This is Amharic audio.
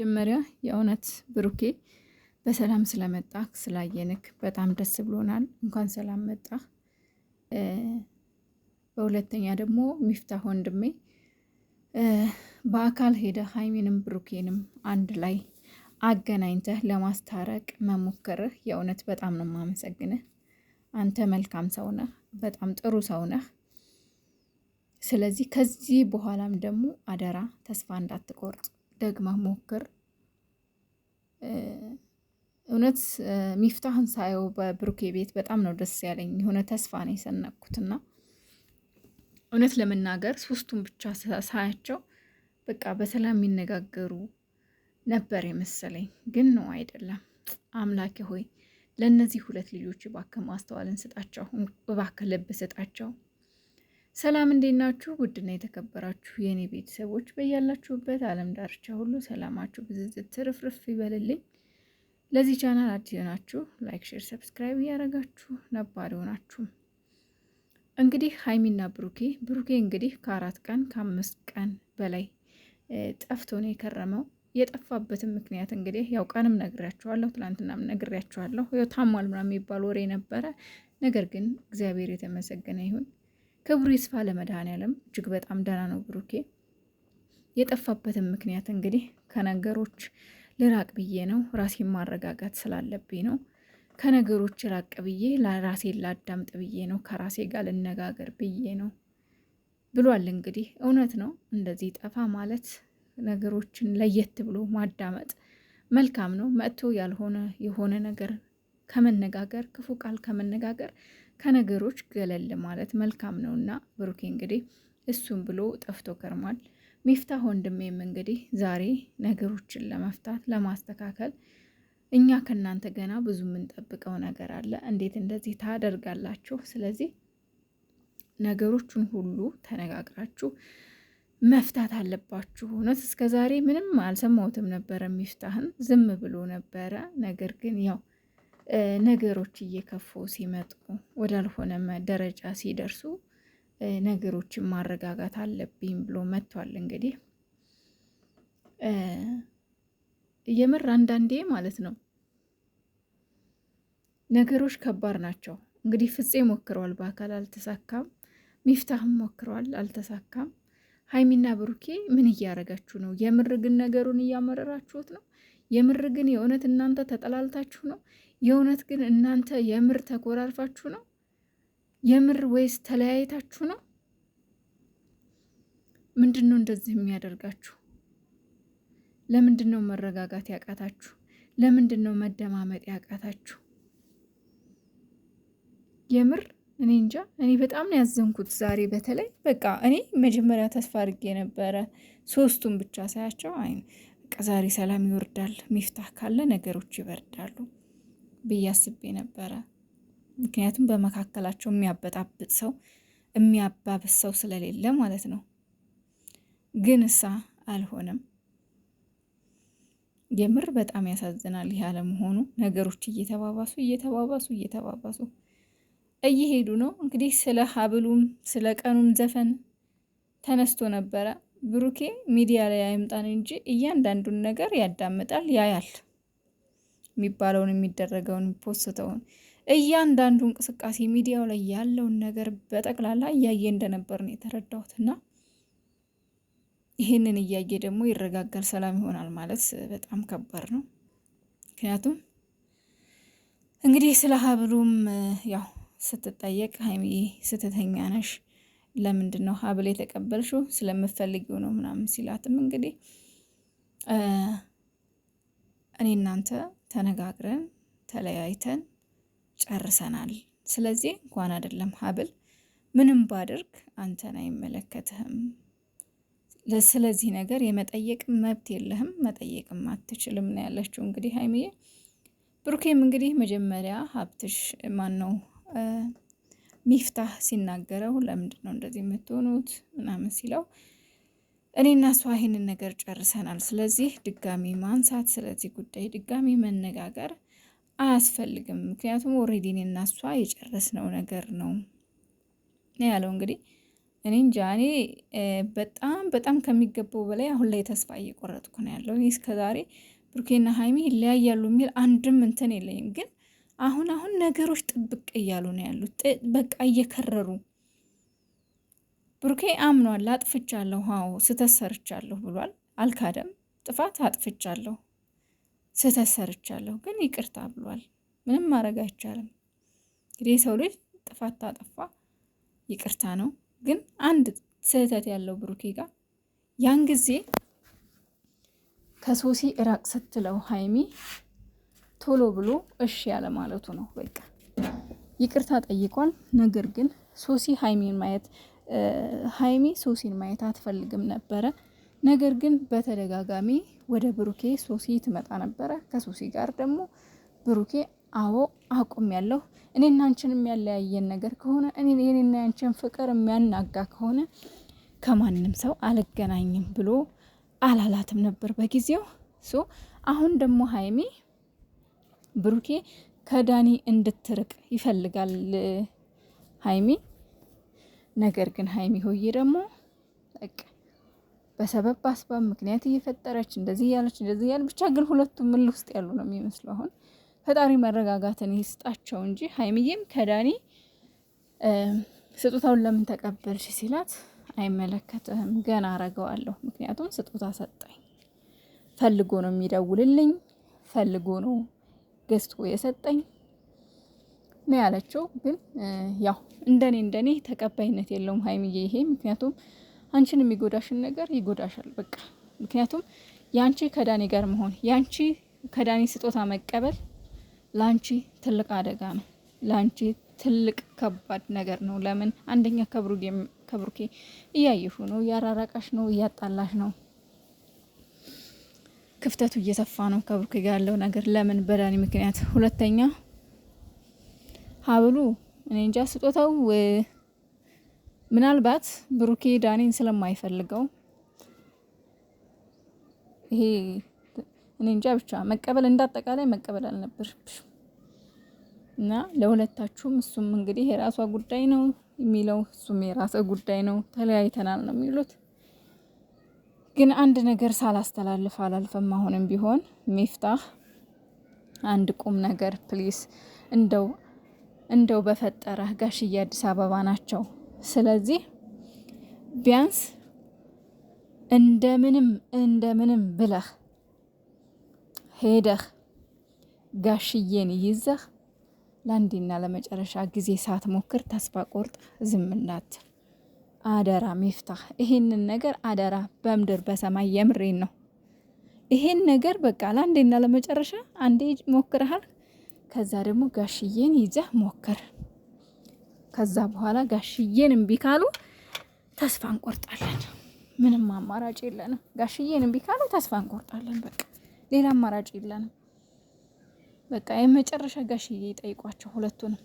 መጀመሪያ የእውነት ብሩኬ በሰላም ስለመጣህ ስላየንክ በጣም ደስ ብሎናል። እንኳን ሰላም መጣህ። በሁለተኛ ደግሞ ሚፍታህ ወንድሜ በአካል ሄደ ሀይሚንም ብሩኬንም አንድ ላይ አገናኝተህ ለማስታረቅ መሞከርህ የእውነት በጣም ነው የማመሰግንህ። አንተ መልካም ሰው ነህ፣ በጣም ጥሩ ሰው ነህ። ስለዚህ ከዚህ በኋላም ደግሞ አደራ ተስፋ እንዳትቆርጥ ደግማ ሞክር። እውነት ሚፍታህን ሳየው በብሩኬ ቤት በጣም ነው ደስ ያለኝ። የሆነ ተስፋ ነው የሰነቅኩትና እውነት ለመናገር ሶስቱን ብቻ ሳያቸው በቃ በሰላም የሚነጋገሩ ነበር የመሰለኝ፣ ግን ነው አይደለም። አምላኬ ሆይ ለእነዚህ ሁለት ልጆች እባክህ ማስተዋልን ስጣቸው፣ እባክህ ልብ ስጣቸው። ሰላም እንዴት ናችሁ? ውድና የተከበራችሁ የእኔ ቤተሰቦች በያላችሁበት ዓለም ዳርቻ ሁሉ ሰላማችሁ ብዝዝት ትርፍርፍ ይበልልኝ። ለዚህ ቻናል አዲስ የሆናችሁ ላይክ፣ ሼር፣ ሰብስክራይብ እያደረጋችሁ ነባር የሆናችሁም እንግዲህ ሀይሚና ብሩኬ ብሩኬ እንግዲህ ከአራት ቀን ከአምስት ቀን በላይ ጠፍቶ ነው የከረመው። የጠፋበትም ምክንያት እንግዲህ ያው ቀንም ነግሬያችኋለሁ፣ ትናንትናም ነግሬያችኋለሁ። ያው ታሟል ምናምን የሚባል ወሬ ነበረ። ነገር ግን እግዚአብሔር የተመሰገነ ይሁን ክብሩ ይስፋ ለመድኃኔዓለም። እጅግ በጣም ደህና ነው ብሩኬ። የጠፋበትን ምክንያት እንግዲህ ከነገሮች ልራቅ ብዬ ነው፣ ራሴን ማረጋጋት ስላለብኝ ነው። ከነገሮች ራቅ ብዬ ራሴ ላዳምጥ ብዬ ነው፣ ከራሴ ጋር ልነጋገር ብዬ ነው ብሏል። እንግዲህ እውነት ነው። እንደዚህ ጠፋ ማለት ነገሮችን ለየት ብሎ ማዳመጥ መልካም ነው። መጥቶ ያልሆነ የሆነ ነገር ከመነጋገር ክፉ ቃል ከመነጋገር ከነገሮች ገለል ማለት መልካም ነውና ብሩኬ እንግዲህ እሱም ብሎ ጠፍቶ ከርሟል። ሚፍታህ ወንድሜም እንግዲህ ዛሬ ነገሮችን ለመፍታት ለማስተካከል እኛ ከእናንተ ገና ብዙ የምንጠብቀው ነገር አለ፣ እንዴት እንደዚህ ታደርጋላችሁ? ስለዚህ ነገሮቹን ሁሉ ተነጋግራችሁ መፍታት አለባችሁ። እውነት እስከ ዛሬ ምንም አልሰማሁትም ነበረ። ሚፍታህን ዝም ብሎ ነበረ። ነገር ግን ያው ነገሮች እየከፉ ሲመጡ ወዳልሆነ ደረጃ ሲደርሱ ነገሮችን ማረጋጋት አለብኝ ብሎ መጥቷል። እንግዲህ የምር አንዳንዴ ማለት ነው ነገሮች ከባድ ናቸው። እንግዲህ ፍፄ ሞክረዋል፣ በአካል አልተሳካም። ሚፍታህም ሞክረዋል፣ አልተሳካም። ሀይሚና ብሩኬ ምን እያረጋችሁ ነው? የምር ግን ነገሩን እያመረራችሁት ነው? የምር ግን የእውነት እናንተ ተጠላልታችሁ ነው? የእውነት ግን እናንተ የምር ተኮራርፋችሁ ነው የምር ወይስ ተለያይታችሁ ነው? ምንድን ነው እንደዚህ የሚያደርጋችሁ? ለምንድን ነው መረጋጋት ያቃታችሁ? ለምንድን ነው መደማመጥ ያቃታችሁ? የምር እኔ እንጃ። እኔ በጣም ነው ያዘንኩት ዛሬ በተለይ በቃ እኔ መጀመሪያ ተስፋ አድርጌ ነበረ ሶስቱን ብቻ ሳያቸው አይ በቃ ዛሬ ሰላም ይወርዳል፣ ሚፍታህ ካለ ነገሮች ይበርዳሉ ብዬ አስቤ ነበረ። ምክንያቱም በመካከላቸው የሚያበጣብጥ ሰው የሚያባብስ ሰው ስለሌለ ማለት ነው። ግን እሳ አልሆነም። የምር በጣም ያሳዝናል ይህ አለመሆኑ። ነገሮች እየተባባሱ እየተባባሱ እየተባባሱ እየሄዱ ነው። እንግዲህ ስለ ሀብሉም ስለ ቀኑም ዘፈን ተነስቶ ነበረ። ብሩኬ ሚዲያ ላይ አይምጣን እንጂ እያንዳንዱን ነገር ያዳምጣል፣ ያያል። የሚባለውን የሚደረገውን ፖስተውን እያንዳንዱ እንቅስቃሴ ሚዲያው ላይ ያለውን ነገር በጠቅላላ እያየ እንደነበር ነው የተረዳሁት። እና ይህንን እያየ ደግሞ ይረጋጋል፣ ሰላም ይሆናል ማለት በጣም ከባድ ነው። ምክንያቱም እንግዲህ ስለ ሀብሉም ያው ስትጠየቅ ሀይሚዬ ስህተተኛ ነሽ ለምንድን ነው ሀብል የተቀበልሽው? ስለምፈልጊው ነው ምናምን ሲላትም እንግዲህ እኔ እናንተ ተነጋግረን ተለያይተን ጨርሰናል። ስለዚህ እንኳን አይደለም ሀብል ምንም ባድርግ አንተን አይመለከትህም። ስለዚህ ነገር የመጠየቅ መብት የለህም፣ መጠየቅም አትችልም ነው ያለችው። እንግዲህ ሀይሚዬ ብሩኬም እንግዲህ መጀመሪያ ሀብትሽ ማን ነው ሚፍታህ ሲናገረው ለምንድን ነው እንደዚህ የምትሆኑት ምናምን ሲለው እኔና እሷ ይህንን ነገር ጨርሰናል። ስለዚህ ድጋሚ ማንሳት ስለዚህ ጉዳይ ድጋሚ መነጋገር አያስፈልግም። ምክንያቱም ኦልሬዲ እኔና እሷ የጨረስነው ነገር ነው ያለው። እንግዲህ እኔ እንጃ እኔ በጣም በጣም ከሚገባው በላይ አሁን ላይ ተስፋ እየቆረጥኩ ነው ያለው። እኔ እስከዛሬ ብሩኬና ሀይሚ ይለያያሉ የሚል አንድም እንትን የለኝም፣ ግን አሁን አሁን ነገሮች ጥብቅ እያሉ ነው ያሉት። በቃ እየከረሩ ብሩኬ አምኗል። አጥፍቻለሁ፣ አዎ ስተሰርቻለሁ ብሏል። አልካደም። ጥፋት አጥፍቻለሁ፣ ስተሰርቻለሁ ግን ይቅርታ ብሏል። ምንም ማድረግ አይቻልም። እንግዲህ የሰው ልጅ ጥፋት ታጠፋ ይቅርታ ነው። ግን አንድ ስህተት ያለው ብሩኬ ጋር ያን ጊዜ ከሶሲ እራቅ ስትለው ሀይሚ ቶሎ ብሎ እሺ ያለ ማለቱ ነው። በቃ ይቅርታ ጠይቋል። ነገር ግን ሶሲ ሀይሚን ማየት ሀይሚ ሶሲን ማየት አትፈልግም ነበረ። ነገር ግን በተደጋጋሚ ወደ ብሩኬ ሶሲ ትመጣ ነበረ። ከሶሲ ጋር ደግሞ ብሩኬ አዎ አቁም ያለሁ እኔና አንቺን የሚያለያየን ነገር ከሆነ እኔና ያንቺን ፍቅር የሚያናጋ ከሆነ ከማንም ሰው አልገናኝም ብሎ አላላትም ነበር በጊዜው። ሶ አሁን ደግሞ ሀይሚ ብሩኬ ከዳኒ እንድትርቅ ይፈልጋል ሀይሚ ነገር ግን ሀይሚ ሆዬ ደግሞ በሰበብ በአስባብ ምክንያት እየፈጠረች እንደዚህ እያለች እንደዚህ እያለ ብቻ ግን ሁለቱም ምል ውስጥ ያሉ ነው የሚመስለው። አሁን ፈጣሪ መረጋጋትን ይስጣቸው እንጂ ሀይሚዬም ከዳኒ ስጦታውን ለምን ተቀበልሽ ሲላት አይመለከትህም፣ ገና አረገዋለሁ፣ ምክንያቱም ስጦታ ሰጠኝ፣ ፈልጎ ነው የሚደውልልኝ፣ ፈልጎ ነው ገዝቶ የሰጠኝ ነው ያለችው። ግን ያው እንደኔ እንደኔ ተቀባይነት የለውም ሀይሚዬ ይሄ። ምክንያቱም አንቺን የሚጎዳሽን ነገር ይጎዳሻል በቃ። ምክንያቱም የአንቺ ከዳኒ ጋር መሆን የአንቺ ከዳኒ ስጦታ መቀበል ለአንቺ ትልቅ አደጋ ነው። ለአንቺ ትልቅ ከባድ ነገር ነው። ለምን አንደኛ ከብሩኬ እያየሹ ነው፣ እያራራቃሽ ነው፣ እያጣላሽ ነው። ክፍተቱ እየሰፋ ነው ከብሩኬ ጋር ያለው ነገር ለምን በዳኒ ምክንያት። ሁለተኛ ሀብሉ እኔ እንጃ ስጦታው ምናልባት ብሩኬ ዳኔን ስለማይፈልገው ይሄ እኔ እንጃ ብቻ መቀበል እንዳጠቃላይ መቀበል አልነበር እና ለሁለታችሁም እሱም እንግዲህ የራሷ ጉዳይ ነው የሚለው እሱም የራሰ ጉዳይ ነው ተለያይተናል ነው የሚሉት። ግን አንድ ነገር ሳላስተላልፍ አላልፈም። አሁንም ቢሆን ሚፍታህ አንድ ቁም ነገር ፕሊስ እንደው እንደው በፈጠረህ ጋሽዬ አዲስ አበባ ናቸው። ስለዚህ ቢያንስ እንደምንም እንደምንም ብለህ ሄደህ ጋሽዬን ይዘህ ለአንዴና ለመጨረሻ ጊዜ ሳትሞክር ተስፋ ቆርጥ ዝም እንዳትል አደራ። ሚፍታህ ይሄንን ነገር አደራ፣ በምድር በሰማይ የምሬን ነው። ይሄን ነገር በቃ ለአንዴና ለመጨረሻ አንዴ ሞክረሃል። ከዛ ደግሞ ጋሽዬን ይዘህ ሞክር። ከዛ በኋላ ጋሽዬን እምቢ ካሉ ተስፋ እንቆርጣለን። ምንም አማራጭ የለንም። ጋሽዬን እምቢ ካሉ ተስፋ እንቆርጣለን። በቃ ሌላ አማራጭ የለንም። በቃ የመጨረሻ ጋሽዬ ይጠይቋቸው ሁለቱንም።